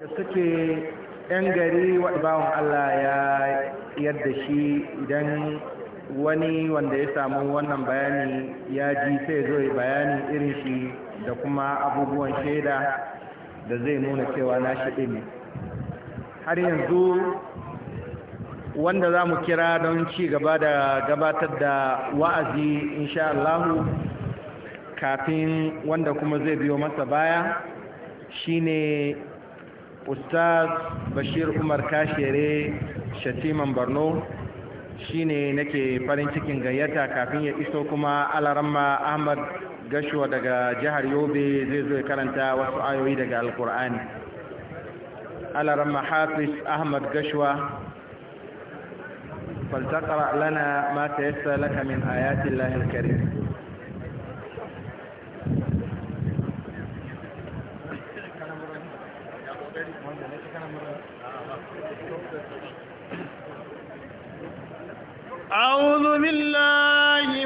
da suke yan gari bawan Allah ya yadda shi idan wani wanda ya samu wannan bayani ya ji sai zoye bayani irin shi da kuma abubuwan shaida da zai nuna cewa na shaɗe ne har yanzu wanda za mu kira don ci gaba da gabatar da wa'azi insha Allahu kafin wanda kuma zai biyo masa baya shine ustaz bashir umar kashere shatiman barno shine nake farin cikin gayyata kafin ya iso kuma alaramma ahmad gashuwa daga jihar yobe zai zo karanta wasu ayoyi daga alkur'ani alaramma hafiz ahmad gashuwa فلتقرأ لنا ما تيسر لك من آيات الله الكريم أعوذ بالله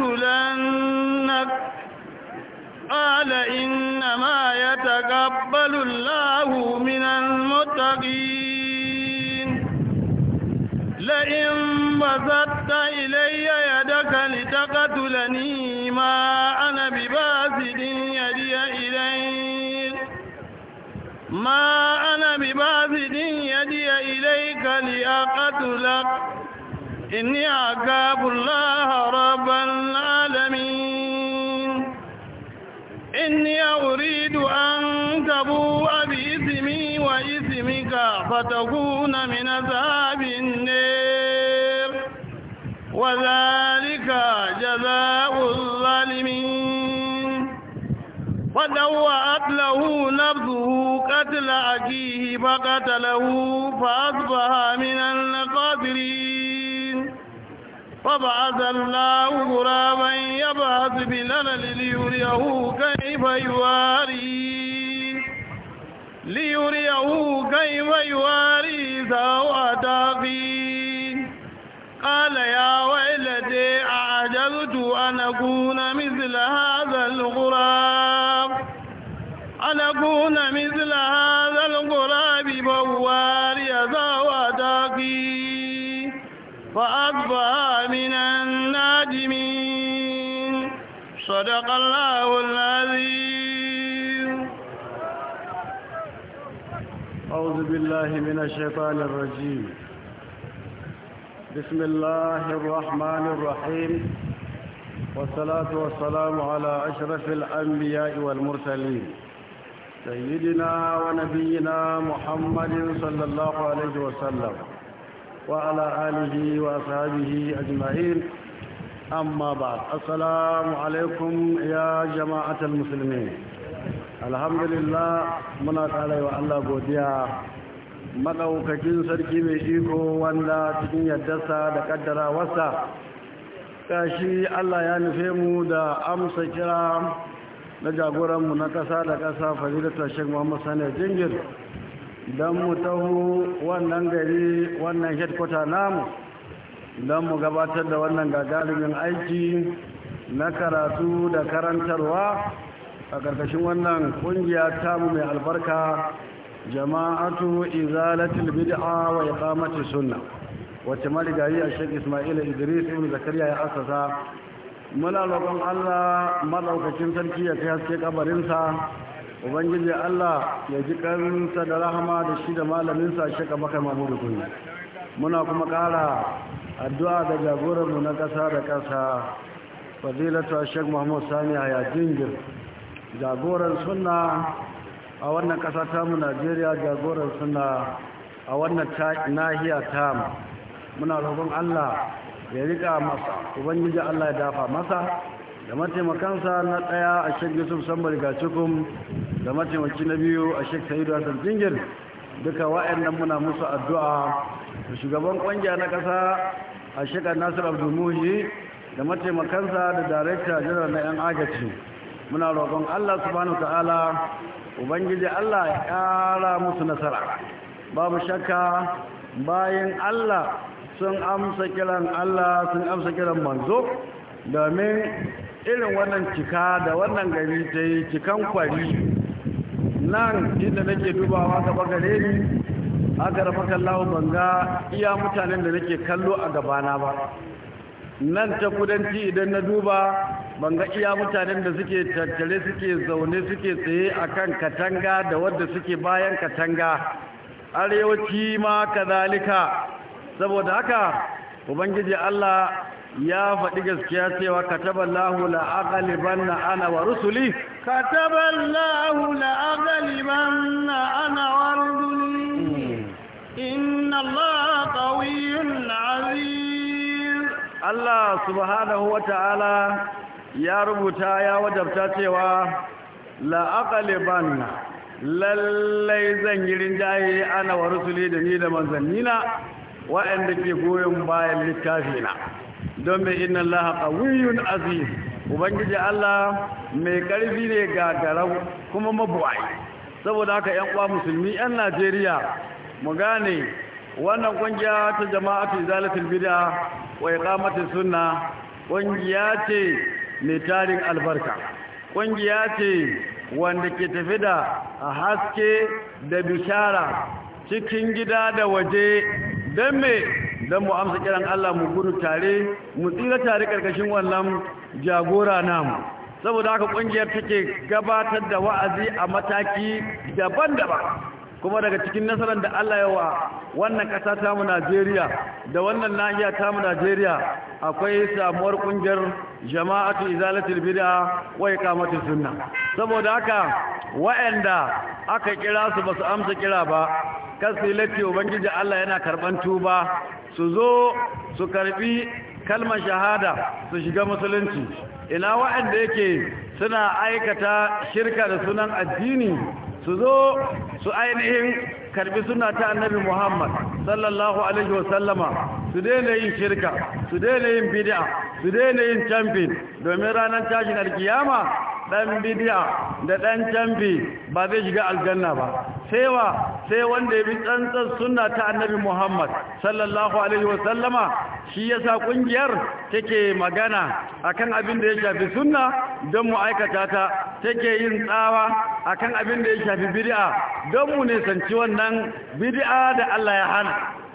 لأقتلنك قال إنما يتقبل الله من المتقين لئن بسطت إلي يدك لتقتلني ما أنا بباسد يدي إليك ما أنا بباسد يدي إليك لأقتلك إني عقاب الله رب العالمين إني أريد أن تبوء بإثمي وإثمك فتكون من عذاب النير وذلك جزاء الظالمين فدوأت له نفسه قتل أخيه فقتله فأصبح من القادرين فبعث الله غرابا يبعث بالألل ليريه كيف يواري ليريه كيف يواري سوءة فيه قال يا ويلتي أعجلت أن أكون مثل هذا الغراب أن أكون مثل هذا الغراب بواري ذا وداقي فأصبح صدق الله العظيم أعوذ بالله من الشيطان الرجيم بسم الله الرحمن الرحيم والصلاة والسلام على أشرف الأنبياء والمرسلين سيدنا ونبينا محمد صلى الله عليه وسلم وعلى آله وأصحابه أجمعين أما بعد السلام عليكم يا جماعة المسلمين الحمد لله منا تعالى وعلا بوديا madaukakin sarki mai iko wanda cikin yardarsa da kaddara wasa kashi Allah ya nufe mu da amsa kira na jagoranmu na kasa da kasa, fadilatar shek muhammad sani jingir don mu taho wannan gari wannan headquarter namu don mu gabatar da wannan gagarumin aiki na karatu da karantarwa a ƙarƙashin wannan ƙungiya mu mai albarka jama'atu izalatul bid'a wa iqamati sunna wacce marigayi a shek ismaila idris ibn zakariya ya asasa muna roƙon allah maɗaukacin sarki ya kai haske kabarinsa ubangiji allah ya ji ƙarinsa da rahama da shi da malaminsa shek abakar mahmudu kunu. muna kuma ƙara addu'a da jagoranmu na ƙasa da ƙasa fadilatu shek Muhammadu sani yajin jingir jagoran suna a wannan ƙasa tamu najeriya jagoran suna a wannan nahiya tamu muna roƙon allah ya riƙa masa ubangiji allah ya dafa masa da mataimakansa na ɗaya a shek yusuf sambar cikin da mataimaki na biyu a shek sa'idu hassan jingir duka wa'annan muna musu addu'a shugaban kungiya na kasa a shekar nasir abdulmuhi da mataimakansa da darekta janar na 'yan agaci muna roƙon allah subhanahu ta'ala ubangiji allah ya ƙara musu nasara babu shakka bayan allah sun amsa kiran allah sun amsa kiran manzo domin irin wannan cika da wannan gari ta yi cikan kwari nan inda nake dubawa gaba gare ni haka rafakallahu ban ga iya mutanen da nake kallo a gabana ba nan ta kudanci idan na duba ban ga iya mutanen da suke tattare suke zaune suke tsaye akan katanga da wadda suke bayan katanga arewaci ma kazalika saboda haka ubangiji Allah ya faɗi gaskiya cewa kataballahu na ana wa rusuli kataballahu na ana wa rusuli إن الله قوي عزيز الله سبحانه وتعالى يا ربتا يا وجبتاتيوا لا أقلبن lallai zan yi rinjaye ana wa rusuli da ni da manzannina wa'anda ke goyon bayan littafina don mai inna Allah qawiyyun aziz ubangiji Allah mai ƙarfi ne gagarau kuma mabuwai saboda haka yan uwa musulmi yan Najeriya mu gane wannan kungiya ta jama'atu zalatul bid'a wa iqamatus sunna kungiya ce mai tarin albarka kungiya ce wanda ke tafi da haske da bishara cikin gida da waje dan me don mu amsa kiran Allah mu gudu tare mu tsira tare karkashin wannan jagora namu saboda haka kungiyar take gabatar da wa'azi a mataki daban-daban kuma daga cikin nasarar da Allah ya wa wannan ƙasa ta mu Najeriya da wannan nahiya ta mu Najeriya akwai samuwar kungiyar jama'atu izalatul bid'a wa iqamatus sunna saboda haka waɗanda aka kira su basu amsa kira ba lati ubangiji Allah yana karban tuba su zo su karbi kalmar shahada su shiga musulunci ina waɗanda yake suna aikata shirka da sunan addini su zo su ainihin karbi suna ta annabi Muhammad sallallahu alaihi wasallama su daina yin shirka su daina yin bid'a su daina yin camfin, domin ranar tashin alkiyama dan bid'a da dan camfi ba zai shiga aljanna ba sewa sai wanda ya bi tsantsan sunna ta annabi Muhammad sallallahu alaihi wasallama shi yasa kungiyar take magana akan abin da ya shafi sunna don mu aikata ta take yin tsawa akan abin da ya shafi bid'a don mu ne wannan bid'a da Allah ya hana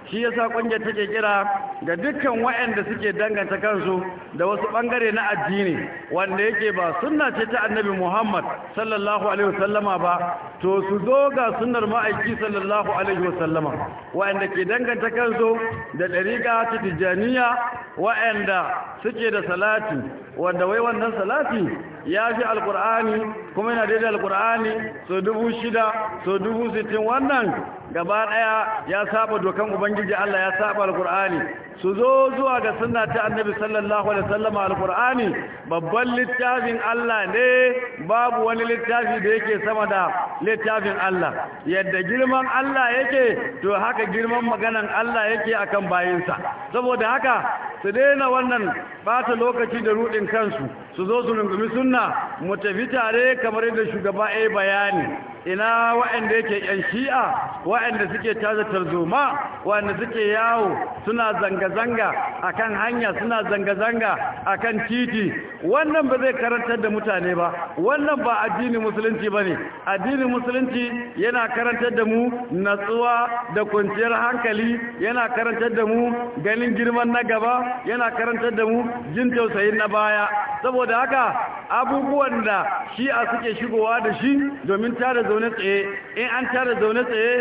shi yasa kungiyar take kira ga dukkan waɗanda suke danganta kansu da wasu ɓangare na addini wanda yake ba sunna ce ta annabi Muhammad sallallahu alaihi wasallama ba to su zo ga sunnar ma'aiki sallallahu alaihi wasallama waɗanda ke danganta kansu da ɗariƙa ta tijaniya waɗanda suke da salati wanda wai wannan salati ya fi alkur'ani kuma yana daidai alkur'ani so dubu shida so dubu sittin wannan gaba ɗaya ya saba dokan ubangiji Allah ya saba alkur'ani su zo zuwa ga suna ta annabi sallallahu alaihi wasallam alqur'ani babban littafin Allah ne babu wani littafi da yake sama da littafin Allah yadda girman Allah yake to haka girman maganan Allah yake akan bayinsa saboda haka su daina wannan bata lokaci da rudin kansu su zo su rungumi sunna mu tafi tare kamar yadda shugaba ya bayani ina waɗanda yake yan shi'a waɗanda suke caza tarzoma waɗanda suke yawo suna zanga-zanga akan hanya suna zanga-zanga akan titi wannan ba zai karantar da mutane ba wannan ba addini musulunci ba ne addini musulunci yana karantar da mu natsuwa da kwanciyar hankali yana karantar da mu ganin girman na gaba yana karantar da mu jin tausayin na baya saboda haka abubuwan da shi'a suke shigowa da shi domin tada zaune tsaye in an tara zaune tsaye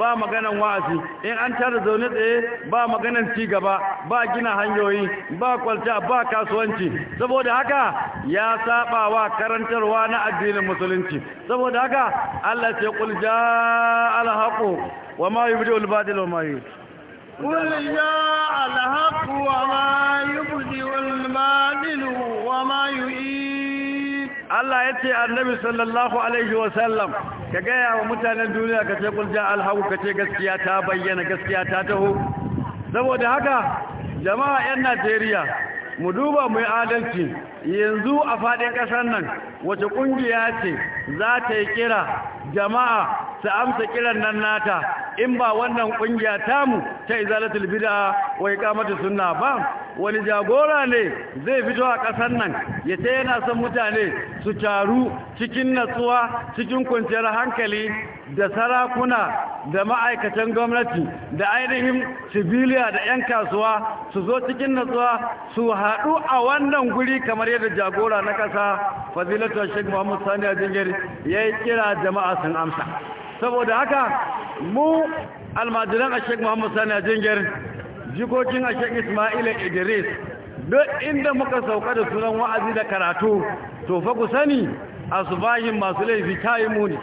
ba maganan wa'azi in an tara zaune tsaye ba maganan ci gaba ba gina hanyoyi ba kwalta ba kasuwanci saboda haka ya saba wa karantarwa na addinin musulunci saboda haka Allah ce kul jaa haqu wa ma yubdi al badil wa ma yubdi قل wa ma وما يبدئ wa ma yu Allah ya ce annabi sallallahu Alaihi wasallam ka gaya wa mutanen duniya ka ce kulja alhaku ka ce gaskiya ta bayyana gaskiya ta taho saboda haka jama'a 'yan najeriya mu duba mu adalci yanzu a faɗin ƙasar nan wace ƙungiya ce za ta yi kira jama'a su amsa kiran nan nata in ba wannan ƙungiya tamu ta izalatul bid'a wa iqamatus sunna ba wani jagora ne zai fito a ƙasar nan ya ce yana son mutane su taru cikin natsuwa cikin kwanciyar hankali da sarakuna da ma'aikatan gwamnati da ainihin civiliya da 'yan kasuwa su zo cikin natsuwa su haɗu a wannan guri kamar yadda jagora na ƙasa fazilatu sheikh Muhammadu sani a jingir ya yi kira jama'a sun amsa saboda haka mu almajiran a shek Muhammadu sani a jingir jikokin ashe ismaila idris duk inda muka sauka da sunan wa'azi da karatu to fa ku sani asubahin masu laifi taimuni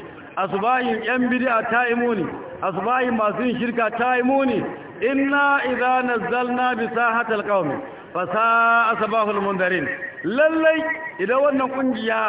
yi yan bid'a taimuni yi masu yin shirka ta yi muni inna idza nazzalna bi sahatil qaumi fa sa'a sabahul mundarin lallai idan wannan kungiya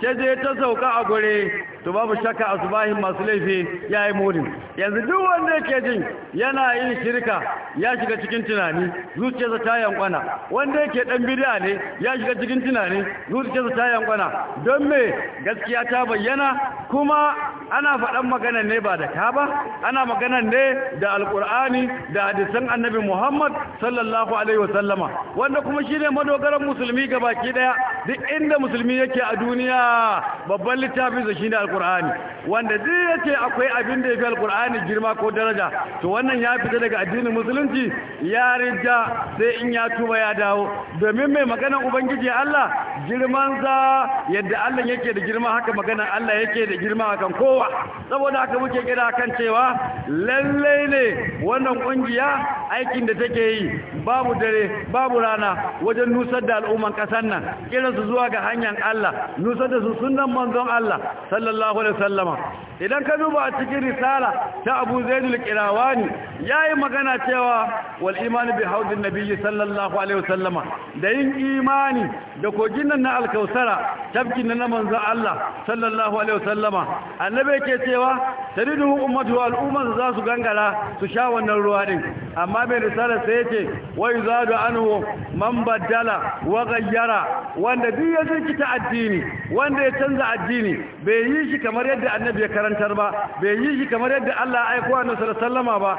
ta je ta sauka a gure to babu shakka a masu laifi ya yi murin yanzu duk wanda yake jin yana yin shirka ya shiga cikin tunani zuciyarsa ta yankwana wanda yake dan bid'a ne ya shiga cikin tunani zuciyarsa ta yankwana don me gaskiya ta bayyana kuma ana faɗan magana ne ba da ka ba ana magana ne da alkur'ani da hadisan annabi muhammad sallallahu alaihi wasallama wanda kuma shi ne madogaran musulmi ga baki ɗaya duk inda musulmi yake a duniya babban littafin sa shine alqur'ani wanda duk yake akwai abin da yafi alqur'ani girma ko daraja to wannan ya fita daga addinin musulunci ya rija sai in ya tuba ya dawo domin mai maganar ubangiji Allah girman sa yadda Allah yake da girma haka maganar Allah yake da girma akan kowa saboda haka muke kira kan cewa lallai ne wannan kungiya aikin da take yi babu dare babu rana wajen nusar da al'umman kasar nan kiran su zuwa ga hanyar Allah nusar da su sunan manzon Allah sallallahu alaihi wasallama idan ka duba a cikin risala ta Abu Zaidul Qirawani yayi magana cewa wal imani bi haudin nabiyyi sallallahu alaihi wasallama da yin imani da kogin nan na alkausara tabkin na manzon Allah sallallahu alaihi wasallama annabi yake cewa taridu ummatu wal umma za su gangara su sha wannan ruwa din amma bai risala sai ce wai yuzadu anhu man badala wa ghayyara wanda wanda duk ya addini wanda ya canza addini bai yi shi kamar yadda annabi ya karantar ba bai yi shi kamar yadda Allah ya aiko annabi sallama ba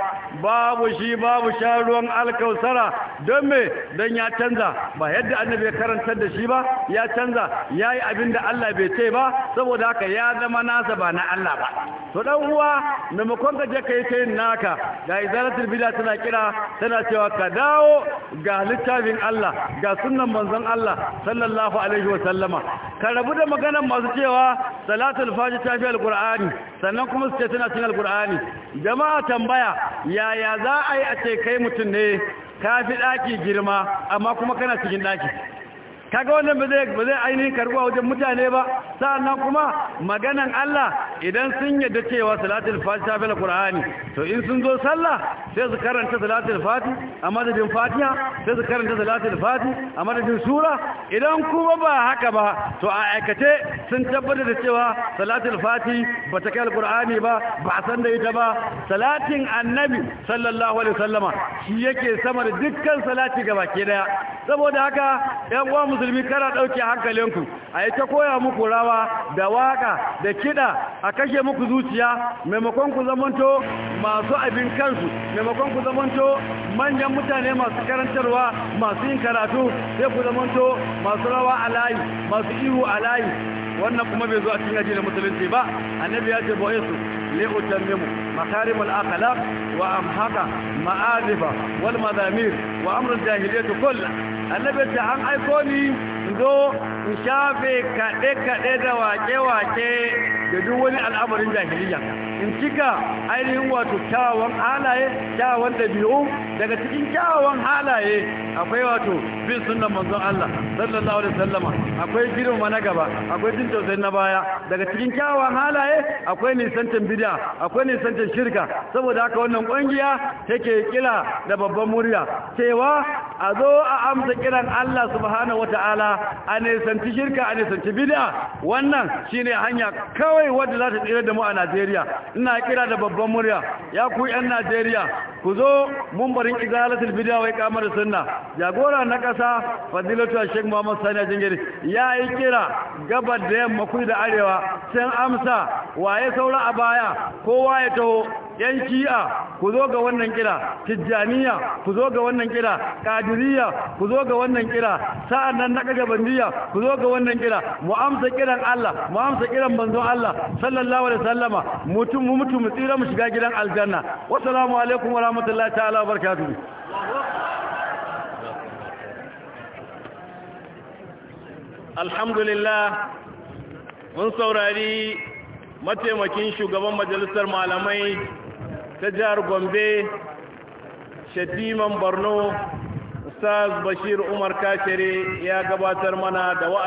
babu shi babu sha alkausara don me dan ya canza ba yadda annabi ya karantar da shi ba ya canza yayi abin da Allah bai ce ba saboda haka ya zama nasa ba na Allah ba to dan uwa maimakon ka je kai naka ga izalatul bid'a tana kira tana cewa ka dawo ga littafin Allah ga sunnan manzon Allah sallallahu sallallahu alaihi wa sallama ka rabu da maganar masu cewa salatul fajr ta fi alqur'ani sannan kuma su ce tana cin alqur'ani jama'a tambaya yaya za a yi a ce kai mutum ne ka fi daki girma amma kuma kana cikin daki kaga wannan ba zai ainihin karbuwa wajen mutane ba sa'annan kuma maganan Allah idan sun yadda cewa salatul ta Bala qur'ani to in sun zo sallah sai su karanta salatul fati a madadin fatiha sai su karanta salatul fati a madadin sura idan kuma ba haka ba to a aikace sun tabbatar da cewa salatul fati ba ta kai qur'ani ba ba san da ita ba salatin annabi sallallahu alaihi wasallama shi yake sama da dukkan salati gaba ke daya saboda haka ɗan uwa musulmi kana ɗauke hankalinku a yi ta koya muku rawa da waka da kiɗa a kashe muku zuciya maimakon ku zamanto masu abin kansu maimakon ku zamanto manyan mutane masu karantarwa masu yin karatu sai ku zamanto masu rawa a layi masu ihu a layi wannan kuma bai zo a cikin ajiyar musulunci ba annabi ya ce boyesu لأتمم مكارم الأخلاق وأمحق مآرف wa وأمر الجاهلية كله annabi ta an aiko ni in zo su shafe kaɗe-kaɗe da wake-wake da duk wani al'amarin jahiliya in cika ainihin wato kyawawan halaye kyawawan ɗabi'u daga cikin kyawawan halaye akwai wato bin sunan manzon Allah sallallahu alaihi sallama. akwai girma na gaba akwai jin tausayi na baya daga cikin kyawawan halaye akwai nisantan bid'a akwai nisantan shirka saboda haka wannan kungiya take kila da babban murya cewa a zo a amsa kiran Allah subhanahu wataala a nisan nisanci shirka a nisanci bidiya wannan shine hanya kawai wadda za ta tsira da mu a Najeriya ina kira da babban murya ya ku yan Najeriya ku zo mumbarin izalatul bidiya wai kamar sunna jagora na kasa fadilatu Sheikh Muhammad Sani Jingiri ya yi kira gabar da yamma kudu da arewa sun amsa waye saura a baya kowa ya taho yan shi'a ku zo ga wannan kira tijjaniya ku zo ga wannan kira kadiriya ku zo ga wannan kira sa'an nan na kaga bandiya ku zo ga wannan kira mu amsa kiran Allah mu amsa kiran manzon Allah sallallahu alaihi wasallama mutum mu mutum mu tsira mu shiga gidan aljanna salamu alaikum wa rahmatullahi ta'ala barakatuh alhamdulillah mun saurari mataimakin shugaban majalisar malamai ta jihar gombe shatiman borno ustaz bashir umar kakere ya gabatar mana da